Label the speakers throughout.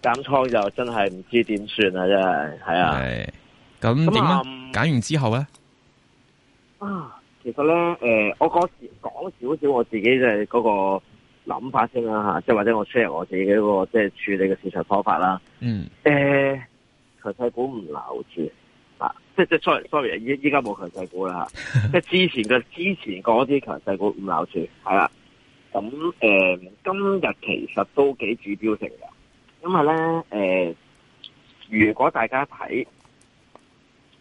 Speaker 1: 減倉就真係唔知點算啦，真係係啊，
Speaker 2: 咁點解？減完之後咧？
Speaker 3: 啊，
Speaker 1: 其實咧，誒、呃，我時講少講少少我自己嘅嗰個諗法先啦吓，即係或者我 share 我自己嗰個即係處理嘅市場方法啦。嗯，誒、呃，強勢股唔留住啊，即係即係 sorry sorry，依依家冇強勢股啦吓， 即係之前嘅之前嗰啲強勢股唔留住係啦。咁誒、啊呃，今日其實都幾主標性嘅。咁為咧，誒、呃，如果大家睇，誒、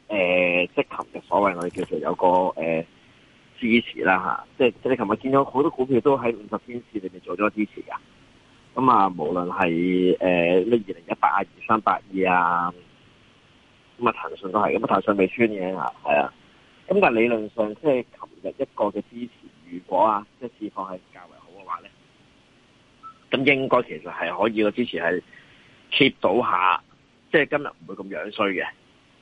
Speaker 1: 呃，即係琴日所謂我哋叫做有個誒、呃、支持啦吓、啊，即係即係你琴日見到好多股票都喺五十天線裏邊做咗支持噶。咁啊，無論係誒咩二零一八啊、二三八二啊，咁啊騰訊都係，咁騰訊未穿嘅吓，係啊。咁、啊、但係理論上，即係琴日一個嘅支持，如果啊，即係市況係較為好嘅話咧。咁應該其實係可以我之前係 keep 到下，即係今日唔會咁樣衰嘅。咁、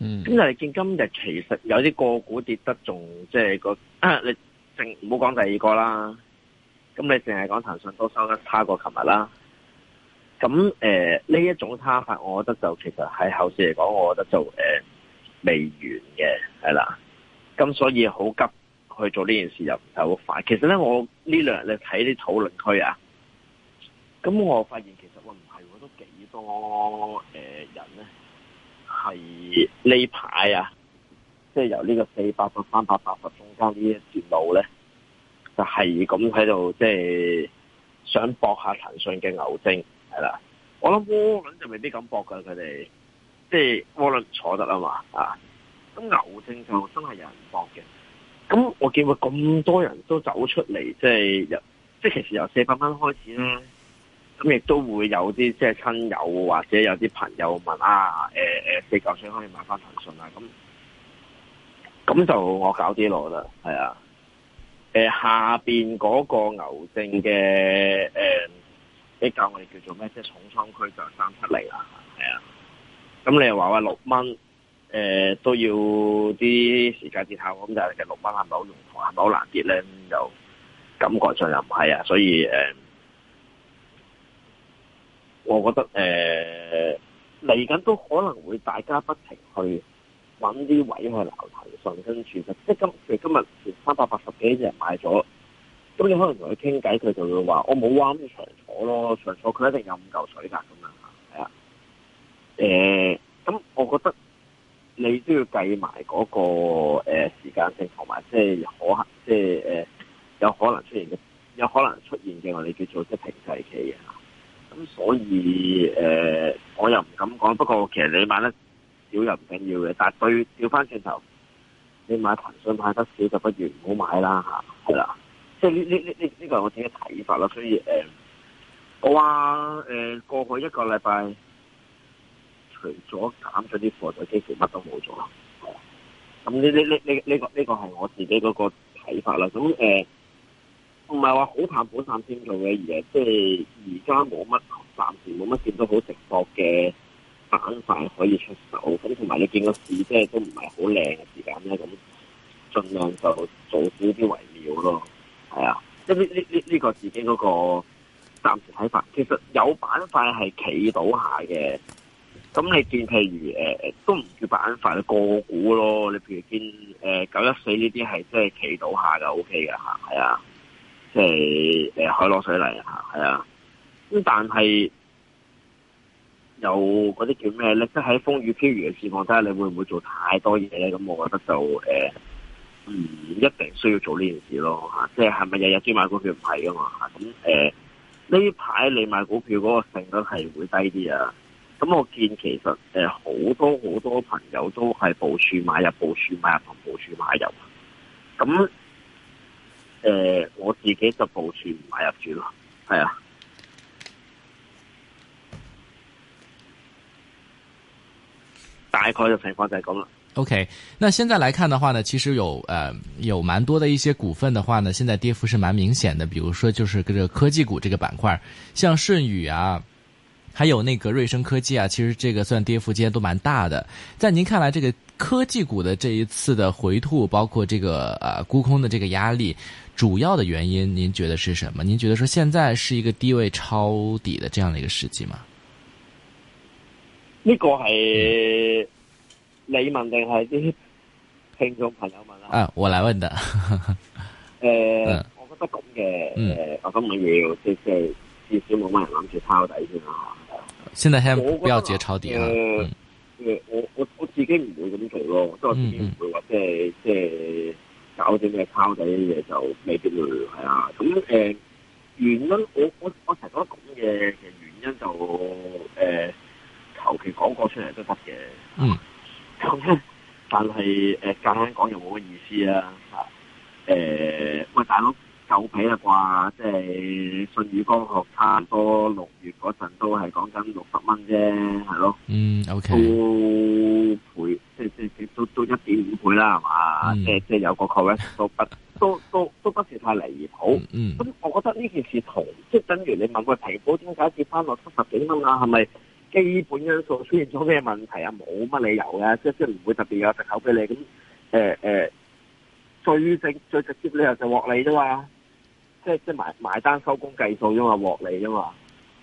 Speaker 1: 嗯、但係見今日其實有啲個股跌得仲即係個、啊、你淨唔好講第二個啦。咁你淨係講騰訊都收得差過琴日啦。咁呢、呃、一種差法，我覺得就其實喺後市嚟講，我覺得就、呃、未完嘅係啦。咁所以好急去做呢件事又唔係好快。其實咧，我呢兩日咧睇啲討論區啊。咁我發現其實我唔係，我都幾多誒、呃、人咧，係呢排啊，即係由呢個四百八、三百八十中間呢一段路咧，就係咁喺度，即係想搏下騰訊嘅牛證，係啦。我諗窩輪就未必咁搏噶佢哋即係窩輪坐得啊嘛啊。咁牛證就真係有人搏嘅。咁我見過咁多人都走出嚟，即係由，即係其實由四百蚊開始啦。嗯咁亦都會有啲即係親友或者有啲朋友問啊，誒、呃、誒，四嚿水可以買翻騰訊啊？咁咁就我搞啲耐啦，係啊、呃。下面嗰個牛證嘅誒，依、呃、我哋叫做咩？即係重倉區就生出嚟啦，係啊。咁、嗯、你又話話六蚊，誒、呃、都要啲時間跌下，咁就係你嘅六蚊係咪好用，係咪好難跌咧，就感覺上又唔係啊，所以、呃我覺得誒嚟緊都可能會大家不停去揾啲位去撈台上，跟住即係今譬如今日前三百八十幾隻人買咗，咁你可能同佢傾偈，佢就會話我冇話咁長坐咯，長坐佢一定有五嚿水噶咁樣係，係啊。誒、咁、呃、我覺得你都要計埋嗰個誒、呃、時間性同埋即係可即係誒有可能出現嘅，有可能出現嘅我哋叫做即係停滯期嘅。咁所以，誒、呃，我又唔敢講。不過其實你買得少又唔緊要嘅，但係對調翻轉頭，你買騰訊買得少，就不如唔好買啦，吓係啦。即係呢呢呢呢呢個係我自己嘅睇法啦。所以，誒、呃，我話，誒、呃，過去一個禮拜，除咗減咗啲貨，就幾乎乜都冇咗啦。咁呢呢呢呢呢個呢、這個係我自己嗰個睇法啦。咁，誒、呃。唔係話好淡本淡先做嘅，而係即係而家冇乜暫時冇乜見到好直落嘅板塊可以出手，咁同埋你見個市即係都唔係好靚嘅時間咧，咁儘量就做少啲為妙咯。係啊，即係呢呢呢呢個自己嗰個暫時睇法。其實有板塊係企到下嘅，咁你見譬如誒、呃、都唔叫板塊個股咯。你譬如見誒、呃、九一四呢啲係即係企到下就 OK 噶嚇，係、okay、啊。即係誒，海螺水泥吓，係啊。咁但係又嗰啲叫咩咧？即係風雨飄搖嘅情況，睇下你會唔會做太多嘢咧？咁我覺得就誒，唔、呃、一定需要做呢件事咯吓。即係係咪日日都要買股票唔係噶嘛？咁誒，呢、呃、排你買股票嗰個勝率係會低啲啊？咁我見其實誒好、呃、多好多朋友都係部署買入，部署買入同部署買入。咁誒、呃，我自己就部署唔買入住咯，係啊。大概嘅情況就係咁啦。
Speaker 2: OK，那現在來看的話呢，其實有誒、呃、有蠻多的一些股份的話呢，現在跌幅是蠻明顯的。比如說，就是這個科技股這個板塊，像舜宇啊，還有那個瑞聲科技啊，其實這個算跌幅間都蠻大的。在您看來，這個？科技股的這一次的回吐，包括這個啊、呃、沽空的這個壓力，主要的原因您覺得是什麼？您覺得說現在是一個低位抄底的這樣的一個時機嗎？
Speaker 1: 呢、這個係你問定係啲聽眾朋友問
Speaker 2: 啦啊，我來問的。 呃、嗯、
Speaker 1: 我覺得咁嘅，誒、呃嗯，我想問嘢，即係至少冇乜人諗住抄底先
Speaker 2: 啦。現在先不要接抄底啦。
Speaker 1: 我我我自己唔會咁做咯，即係我自己唔會話即係即係搞啲咩抄底嘅嘢就未必會係啊。咁，誒、呃、原因，我我我成日覺得咁嘅嘅原因就誒，求其講過出嚟都得嘅。嗯。
Speaker 3: 咁、嗯、咧，
Speaker 1: 但係誒，簡單講又冇乜意思啦、啊。吓，誒，喂，大佬。狗皮啊啩，即係信宇光學差唔多六月嗰陣都係講緊六十蚊啫，係咯。嗯，OK。都倍，即係即係都都一點五倍啦，係、嗯、嘛？即係即係有個 correction 都不 都都都，都不是太離譜。咁、嗯嗯、我覺得呢件事同即等於你問個平保點解跌翻落七十幾蚊啊？係咪基本因素出現咗咩問題啊？冇乜理由嘅、啊，即係即唔會特別有折扣俾你。咁、呃呃、最正最直接理由就獲利啫嘛。即係即係埋,埋單收工計數啫嘛，獲利啫嘛。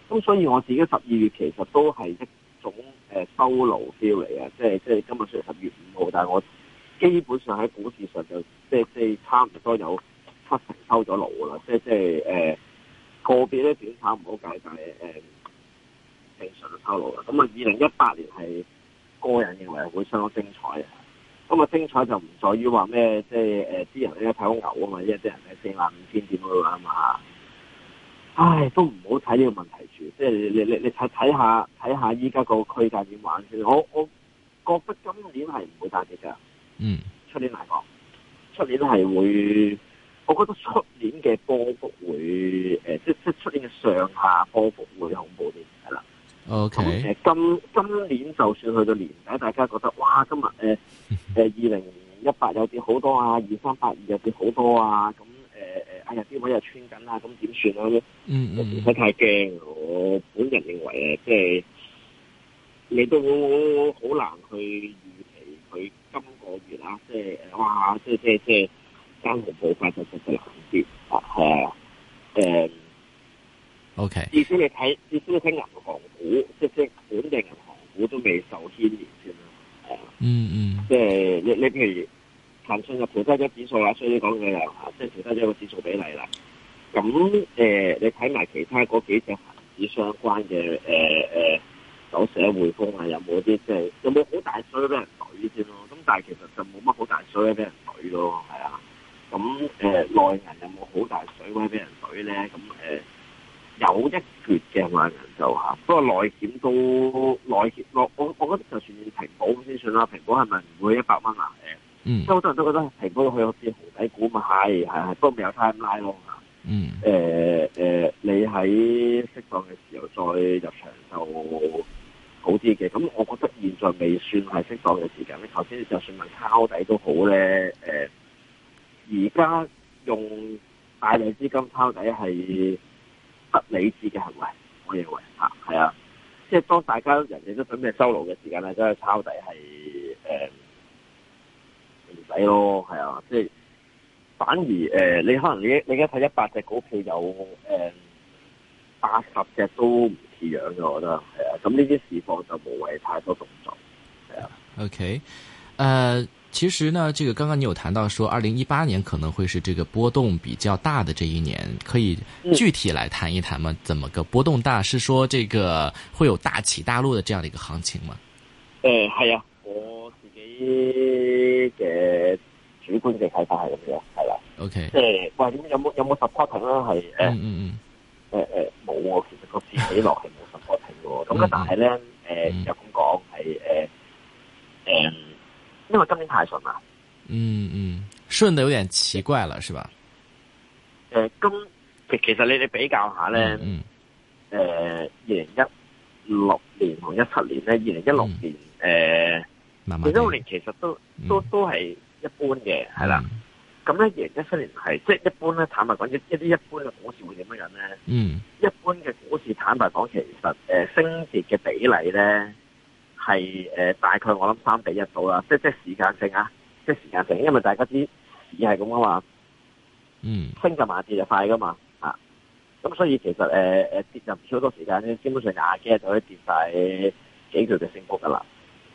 Speaker 1: 咁所以我自己十二月其實都係一種誒、呃、收爐 feel 嚟嘅，即係即係今日雖然十月五號，但係我基本上喺股市上就即係即係差唔多有七成收咗爐啦。即係即係誒個別啲短炒唔好計，但係誒、呃、正常收爐啦。咁啊，二零一八年係個人認為會相當精彩嘅。咁啊，精彩就唔在於話咩，即係誒啲人咧睇好牛啊嘛，一啲人咧四萬五千點嗰度玩嘛。唉，都唔好睇呢個問題住，即係你你你睇睇下睇下依家個區間點玩先。我我我覺得今年係唔會大跌嘅，嗯，出年嚟講，出年係會，我覺得出年嘅波幅會誒、呃，即即出年嘅上下波幅會恐怖啲㗎啦。O K，誒今今年就算去到年底，大家覺得哇，今日誒誒二零一八有跌好多啊，二三八二又跌好多啊，咁誒誒，哎呀啲位又穿緊啊，咁點算啊？嗯，
Speaker 3: 唔使太
Speaker 1: 驚，我本人認為誒，即係你都好好難去預期佢今個月啦，即係哇，即即即三紅破法，就實實難啲啊，係、嗯、啊，誒。O.K. 至少你睇，意思你睇銀行股，即係即係本地銀行股都未受牽連先啦。係啊，嗯、mm、嗯 -hmm.，即係你你譬如騰訊入調低咗指數啦，所以你講嘅又嚇，即係調低咗個指數比例啦。咁誒、呃，你睇埋其他嗰幾隻行指相關嘅誒誒，好似匯豐啊，有冇啲即係有冇好大水俾人水先咯？咁但係其實就冇乜好大水咧俾人水咯，係啊。咁誒、呃、內銀有冇好大水位俾人水咧？咁誒？呃有一跌嘅人就嚇，不過內險都內險，我我覺得就算平保先算啦。平保係咪唔會一百蚊啊？誒，即好多人都覺得平保佢有啲紅底股買，咪係係都未有 time line 咯。嗯、mm. 呃，誒、呃、你喺適當嘅時候再入場就好啲嘅。咁我覺得現在未算係適當嘅時間。你頭先就算問抄底都好咧，呃、而家用大量資金抄底係不理智嘅行為，我認為吓係啊，即係當大家人哋都準備收樓嘅時間咧，真係抄底係誒唔使咯，係啊，即係反而誒、呃，你可能你你而家睇一百隻股，企有誒八十隻都唔似樣嘅，我覺得係啊，咁呢啲市況就無謂太多動
Speaker 2: 作，係啊，OK，誒、uh...。其實呢，這個剛剛你有談到說，二零一八年可能會是這個波動比較大的這一年，可以具體來談一談嗎？嗯、怎麼個波動大？是說這個會有大起大落的這樣的一個行情嗎？誒、嗯、
Speaker 3: 係啊，
Speaker 1: 我自己嘅主觀嘅睇法係咁樣，係啦、啊、OK，即係喂，點解有冇有冇 support 啦？係誒誒誒冇喎，其實個起起落係冇 support 嘅咁但係咧誒因為今年太順啦，
Speaker 2: 嗯嗯，順得有點奇怪啦，是吧？
Speaker 1: 誒、呃，咁其其實你哋比較一下咧，誒、嗯，二零一六年同一七年咧，二零一六年誒，二零一六年其實都、嗯、都都係一般嘅，係、嗯、啦。咁咧，二零一七年係即係一般咧，坦白講，一啲一般嘅股市會點樣樣咧？嗯，一般嘅股市坦白講，其實誒、呃、升跌嘅比例咧。係誒、呃，大概我諗三比一到啦，即係即係時間性啊，即係時間性，因為大家知市係咁啊嘛，嗯，升就慢，跌就快噶嘛，咁、啊、所以其實誒誒、呃、跌就唔多時間，咧基本上廿幾日就可以跌晒幾條嘅升幅噶啦。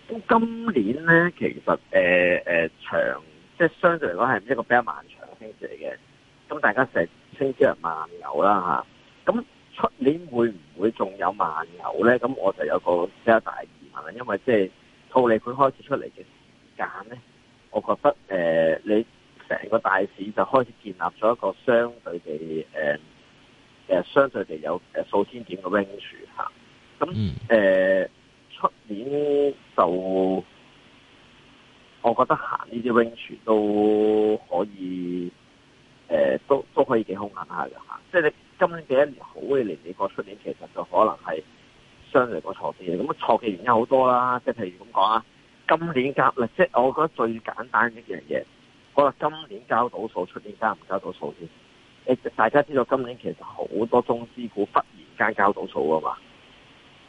Speaker 1: 咁、啊、今年咧，其實誒誒、呃呃、長，即係相對嚟講係一個比較漫長嘅趨勢嚟嘅。咁、啊、大家成日稱之為慢牛啦吓，咁、啊、出年會唔會仲有慢牛咧？咁我就有個比較大。因為即、就、係、是、套利盤開始出嚟嘅時間咧，我覺得、呃、你成個大市就開始建立咗一個相對地、呃、相對地有誒、呃、數千點嘅 range 咁出年就我覺得行呢啲 range 都可以誒、呃，都都可以幾兇狠下嘅嚇。即、就是、你今年幾一年好嘅年，你過出年其實就可能係。將來個錯嘅嘢，咁啊，錯嘅原因好多啦，即係譬如咁講啊，今年交，即係我覺得最簡單一樣嘢，我話今年交到數出年交唔交到數先，誒，大家知道今年其實好多中資股忽然間交到數啊嘛，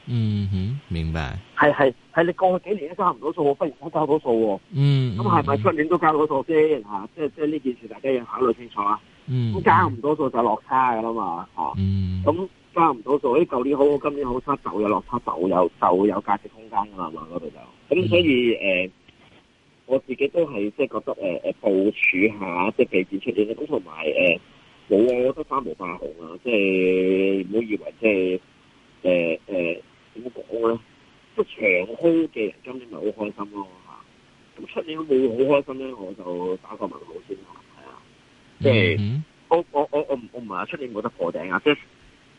Speaker 1: 嗯
Speaker 3: 哼，
Speaker 2: 明
Speaker 1: 白，係係係，你過去幾年都交唔到數，我忽然間交到數，嗯，
Speaker 3: 咁係咪
Speaker 1: 出年都交到數先啊？即係即係呢件事，大家要考慮清楚啊，嗯，
Speaker 3: 咁交
Speaker 1: 唔到數就落差噶啦嘛，吓，嗯，咁、嗯。加唔到數，啲、哎、舊年好，今年好差，就有落差，就有就有價值空間㗎啦嘛，嗰度就咁，所以、呃、我自己都係即覺得誒誒、呃、部署下，即係備戰出現嘅咁，同埋誒冇啊，呃、我覺得三無化紅啊，即係唔好以為即係誒誒點講咧，即係長空嘅人今年咪好開心咯嚇。咁出年會唔會好開心咧？我就打個問號先嚇，係啊、嗯嗯，即係我我我我唔我唔係話出年冇得破頂啊，即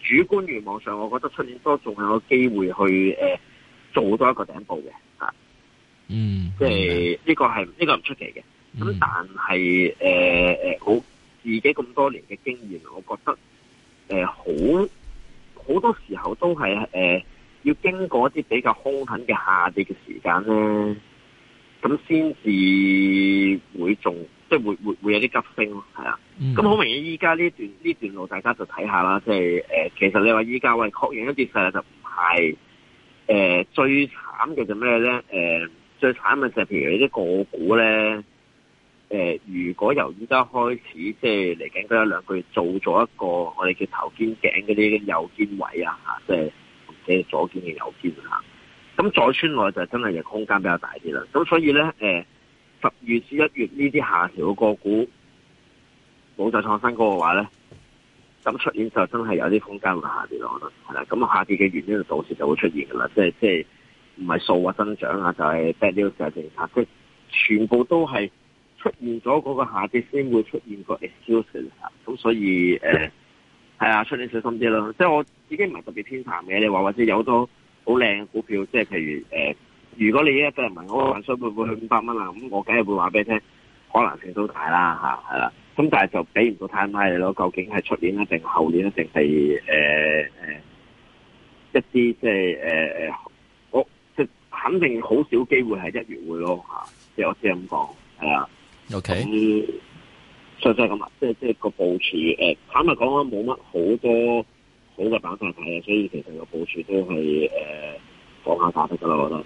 Speaker 1: 主觀願望上，我覺得出年多仲係有機會去誒、呃、做多一個頂部嘅，啊，嗯，即係呢個係呢、呢個唔出奇嘅。咁、嗯嗯、但係誒誒，我自己咁多年嘅經驗，我覺得誒、呃、好好多時候都係誒、呃、要經過一啲比較兇狠嘅下跌嘅時間咧，咁先至會做。即係 會會會有啲急升咯，係啊，咁好明顯依家呢段呢、嗯、段路，大家就睇下啦。即係誒，其實你話依家喂確認咗跌勢就唔係誒最慘嘅就咩咧？誒、呃、最慘嘅就係譬如你啲個股咧，誒、呃、如果由依家開始即係嚟緊都一兩個月做咗一個我哋叫頭肩頸嗰啲右肩位啊吓，即係即係左肩嘅右肩吓，咁再穿落就真係嘅空間比較大啲啦。咁所以咧誒。呃十月至一月呢啲下調嘅個股，冇再創新高嘅話咧，咁出年就真係有啲空間會下跌咯，我覺得係啦。咁下跌嘅原因，到時就會出現噶啦，即係即係唔係數啊增長啊，就係、是、bad news 啊、政策，全部都係出現咗嗰個下跌先會出現個 excuse，咁所以誒，係啊，出、呃、年小心啲咯。即係我自己唔係特別偏談嘅，你話或者有好多好靚嘅股票，即係譬如誒。呃如果你依家俾人問個會唔會我，運水會唔會去五百蚊啊？咁我梗係會話俾你聽，可能性都大啦吓，係啦。咁但係就俾唔到太你咯。究竟係出年啊，定後年啊，定係誒誒一啲即係誒誒，我即係肯定好少機會係一月會咯吓、okay，即係我先咁講，係啦。O K。所以就係咁啊，即係即係個部署誒、呃，坦白講啊，冇乜好多好嘅板塊睇啊，所以其實個部署都係誒、呃、講下價得噶啦，我覺得。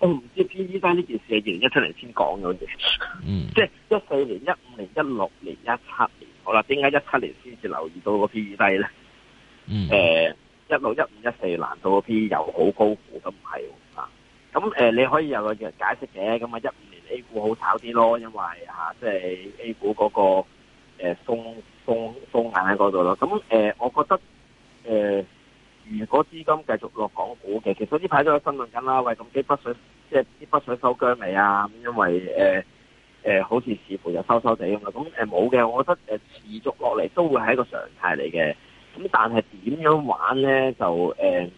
Speaker 1: 我唔知 P E 低呢件事係二零一七年先講嘅好嗯，mm. 即係一四年、一五年、一六年、一七年，好啦，點解一七年先至留意到個 P E 低咧？嗯、mm. 呃，誒，一六、一五、一四難到個 P 又好高估，咁唔係喎啊，咁、啊、誒，你可以有個有解釋嘅，咁啊，一五年 A 股好炒啲咯，因為吓即係 A 股嗰、那個誒風風風眼喺嗰度咯，咁、啊、誒、啊，我覺得誒。啊如果資金繼續落港股嘅，其實呢排都有新聞緊啦。喂，咁幾筆水，即係啲筆水收姜未啊？咁因為誒誒、呃呃，好似似乎又收收地咁啦。咁誒冇嘅，我覺得誒、呃、持續落嚟都會係一個常態嚟嘅。咁但係點樣玩咧？就誒，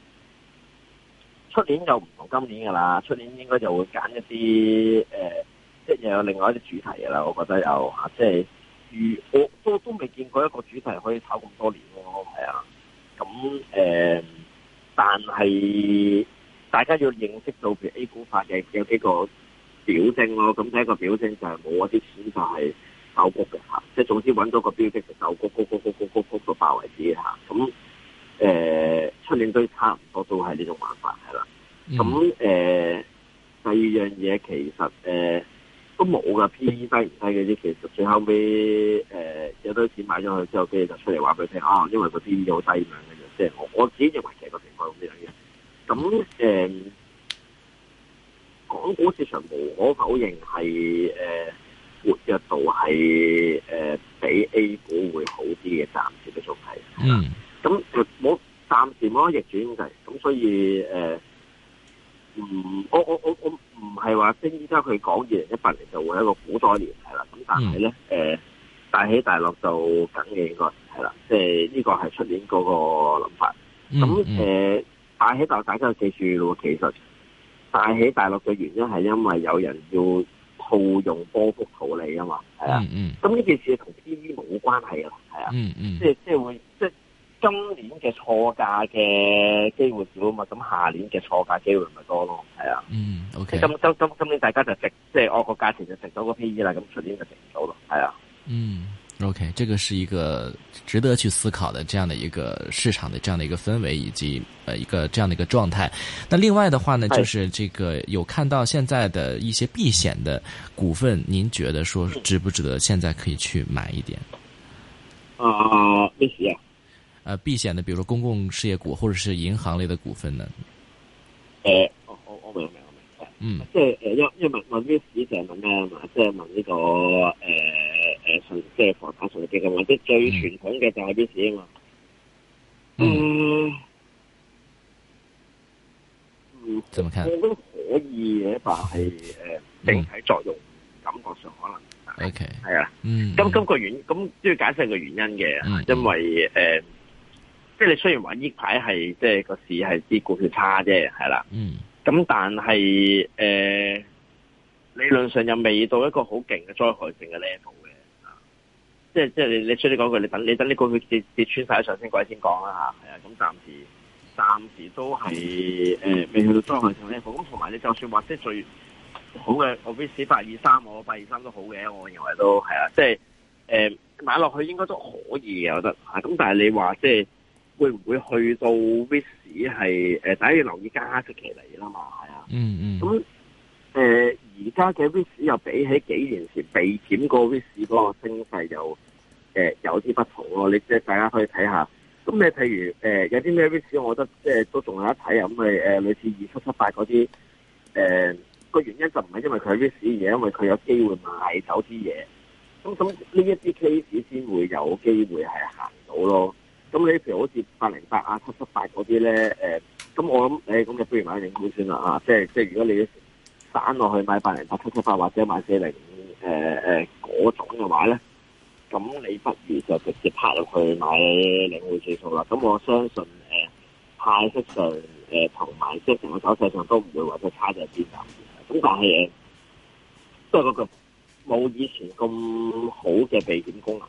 Speaker 1: 出、呃、年就唔同今年噶啦。出年應該就會揀一啲誒、呃，即係又有另外一啲主題噶啦。我覺得又，即係如我都都未見過一個主題可以炒咁多年喎，係啊。咁誒、呃，但係大家要認識到譬如 A 股法嘅有幾個表證咯，咁第一個表證就係冇一啲市就係炒谷嘅嚇，即係總之揾到一個標的就手谷，谷谷谷谷谷谷到爆為止嚇。咁誒，出、呃、年都差唔多都係呢種玩法係啦。
Speaker 3: 咁、嗯、誒、呃，
Speaker 1: 第二樣嘢其實誒。呃都冇噶，P E 低唔低嗰啲，其實最後尾有多錢買咗佢之後，佢就出嚟話俾你聽，啊，因為個 P E 好低咁樣嘅樣，即係我我自己認為成個情況咁樣嘅。咁港股市場無可否認係、呃、活躍度係、呃、比 A 股會好啲嘅，暫時都仲係。嗯。咁冇暫時冇得逆轉嘅，咁所以、呃唔、嗯，我我我我唔係話即依家佢講二零一八年就會一個好多年係啦，咁但係咧，誒、嗯呃、大起大落就梗嘅應該係啦，即係呢個係出年嗰個諗法。
Speaker 3: 咁、嗯、誒、嗯呃、
Speaker 1: 大起大落大家記住咯，其實大起大落嘅原因係因為有人要套用波幅套利啊嘛，係啊。咁、嗯、呢、嗯嗯、件事同 P V 冇關係噶，係啊。嗯嗯，即係即係會即。今年嘅錯價嘅機會少啊嘛，咁下年嘅錯價機會咪多咯，係啊，
Speaker 2: 嗯，O、okay、K，今
Speaker 1: 今今今年大家就值，即係我、哦、個價錢就值到個 P E 啦，咁、嗯、出年就值唔到咯，
Speaker 2: 係啊，嗯，O、okay, K，這個是一個值得去思考的這樣的一個市場的這樣的一個氛圍以及呃一個這樣的一個狀態。那另外的話呢，就是這個有看到現在的一些避險的股份，您覺得說值不值得現在可以去買一點？呃、啊，
Speaker 1: 避險。
Speaker 2: 誒、呃，避險的，比如說公共事業股，或者是銀行類的股份呢？誒、
Speaker 1: 呃，我我我明我明我明，嗯，即係誒，因因為問呢啲錢就問咩，即係問呢、這個誒誒，即係房產、純利基金或者最傳統嘅就係啲錢啊嘛。嗯嗯，嗯，怎麼看？都可以嘅，但係誒，整、呃、體作用、嗯、感覺上可能。
Speaker 2: O K，係啊，
Speaker 1: 咁、嗯、今、嗯那個原咁都要解釋個原因嘅、嗯，因為誒。呃即係你雖然話呢排係即係個市係啲股票差啫，係啦。嗯、mm.。咁但係誒，理論上又未到一個好勁嘅災害性嘅 level 嘅。啊！即係即係你你先你講句，你等你等你股票跌跌，跌穿晒啲上升軌先講啦吓。係啊，咁暫時暫時都係誒、mm. 呃、未去到災害性 level。咁同埋你就算話即係最好嘅我俾四八二三，我八二三都好嘅，我認為都係啊。即係誒、呃、買落去應該都可以嘅，我覺得。咁但係你話即係。會唔會去到 Vis 係？誒、呃，大家要留意加息期嚟啦嘛，係、呃、啊。
Speaker 3: 嗯
Speaker 1: 嗯。咁誒，而家嘅 Vis 又比起幾年前被檢過 Vis 嗰個升勢又誒、呃、有啲不同咯。你即係大家可以睇下。咁你譬如誒，有啲咩 Vis，我覺得即係、呃、都仲有一睇啊。咁咪誒，類似二七七八嗰啲誒，個、呃、原因就唔係因為佢係 Vis 而係因為佢有機會買走啲嘢。咁咁呢一啲 case 先會有機會係行到咯。咁你譬如好似八零八啊七七八嗰啲咧，誒，咁、欸、我諗誒咁就不如買領匯先啦，啊，即係即係如果你攤落去買八零八七七八或者買四零誒誒嗰種嘅話咧，咁你不如就直接拍落去買領匯指數啦。咁我相信誒派息上誒同埋即係成個走勢上都唔會話太差在邊度。
Speaker 2: 咁但係
Speaker 1: 都係嗰個冇以前咁好嘅避險功能。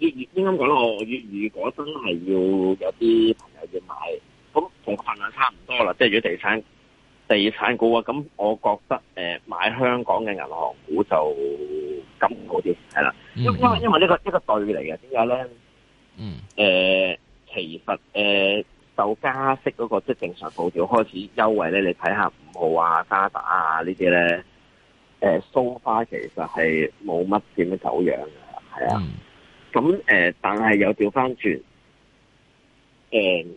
Speaker 1: 應該講咯，粵如果真係要有啲朋友要買，咁同礦業差唔多啦。即係如果地產地產股啊，咁我覺得誒、呃、買香港嘅銀行股就咁好啲，係啦。
Speaker 3: 因因為因為呢
Speaker 1: 個呢個對嚟嘅，點解咧？嗯，誒、這個嗯呃，其實誒、呃、就加息嗰、那個即係、就是、正常普調開始優惠咧，你睇下五號啊、渣打啊這些呢啲咧，誒 So far 其實係冇乜點樣走樣嘅，係啊。嗯咁誒、呃，但係有調翻轉，誒、呃，呢、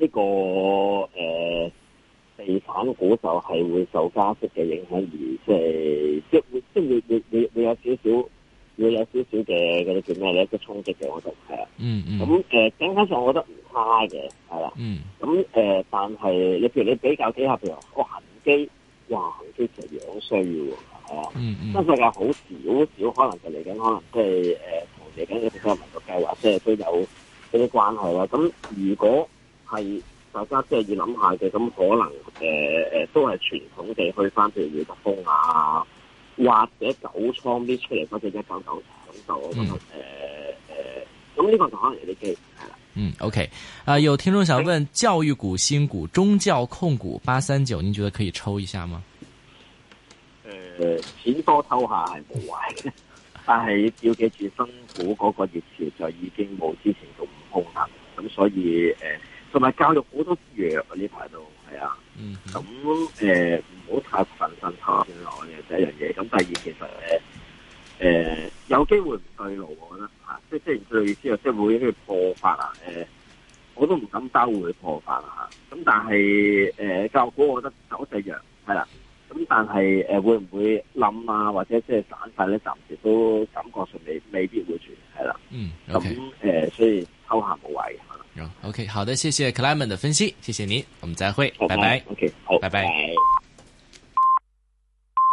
Speaker 1: 這個誒、呃，地產股就係會受加息嘅影響而即係即係會即係會會會會有少少會有少少嘅嗰啲叫咩咧？一個衝擊嘅我度係啊，嗯嗯。咁誒，整、呃、體上我覺得唔差嘅，係啦。嗯。咁誒、呃，但係你譬如你比較幾下譬如話，哇恒基，哇恒基成樣衰嘅喎。係、嗯、啊，真、嗯、好少少可，可能就嚟、是、緊，呃就是、係可能即係誒，同嚟緊嘅國家民族計劃，即係都有啲關係咯。咁如果係大家即係要諗下嘅，咁可能誒誒，都係傳統地去翻譬如粵吉風啊，或者九倉啲出嚟隻一九九九度咁誒誒，咁、嗯、呢、呃呃、個就可能有啲機會係啦。嗯
Speaker 2: ，OK，啊、呃，有聽眾想問教育股新股中教控股八三九，你覺得可以抽一下嗎？
Speaker 1: 誒、呃，錢多偷下係冇壞，但係要記住新股嗰個熱潮就已經冇之前咁轟啦，咁所以誒，同、呃、埋教育好多弱啊呢排都係啊，咁誒唔好太分散差先咯，呢樣第一樣嘢。咁第二其實誒，誒、呃、有機會唔對路，我覺得吓，即係即係類似意思啊，即係會一啲破發啊，誒、呃，我都唔敢交會破發吓，咁、啊、但係誒、呃、教育股我覺得走勢弱。但係，誒、呃，會唔會冧啊？或者即係反彈咧？暫時都感覺上未未必會轉，係啦。嗯。
Speaker 2: OK 誒，
Speaker 1: 所以偷閒無謂吓。
Speaker 2: 啦、嗯。OK，好的，謝謝 Clement 的分析，謝謝您，我們再會，okay, 拜拜。OK，okay, 好，拜拜。拜拜。